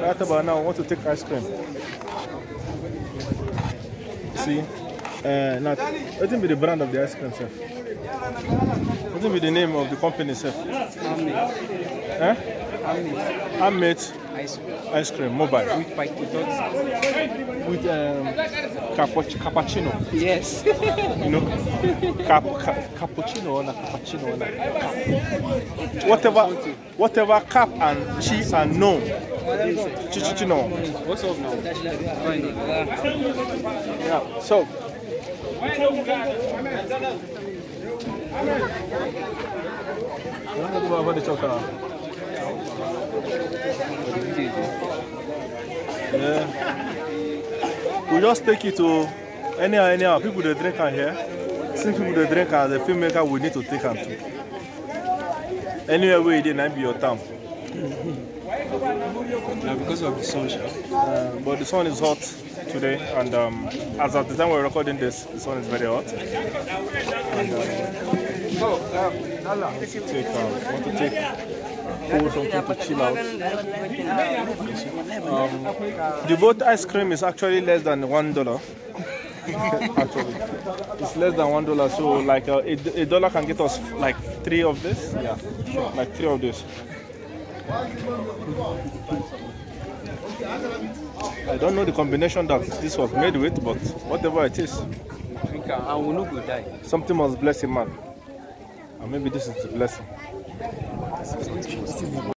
Right about now, I want to take ice cream. See? Uh, eh, now, what will be the brand of the ice cream, sir? What will be the name of the company, sir? Huh? Eh? Amate ice cream. Ice cream, mobile. With bite With um, capuch cappuccino. Yes. you know, cap, cap, cappuccino or cappuccino or cap. Whatever, whatever cap and cheese and no. Chichichino. What's up now? So. Yeah. We just take it to any anyhow. People they drink out here. Since people they drink and the filmmaker, we need to take them too. Anywhere we did, not be your time. Yeah, because of the sun. Uh, but the sun is hot today, and um, as at the time we're recording this, the sun is very hot. And, um, take, uh, want to take um, cool something to chill out. Um, the boat ice cream is actually less than one dollar. actually. It's less than one dollar, so like uh, a, a dollar can get us like three of this. Yeah, like three of this. I don't know the combination that this was made with, but whatever it is. Something must bless a man. And maybe this is the blessing.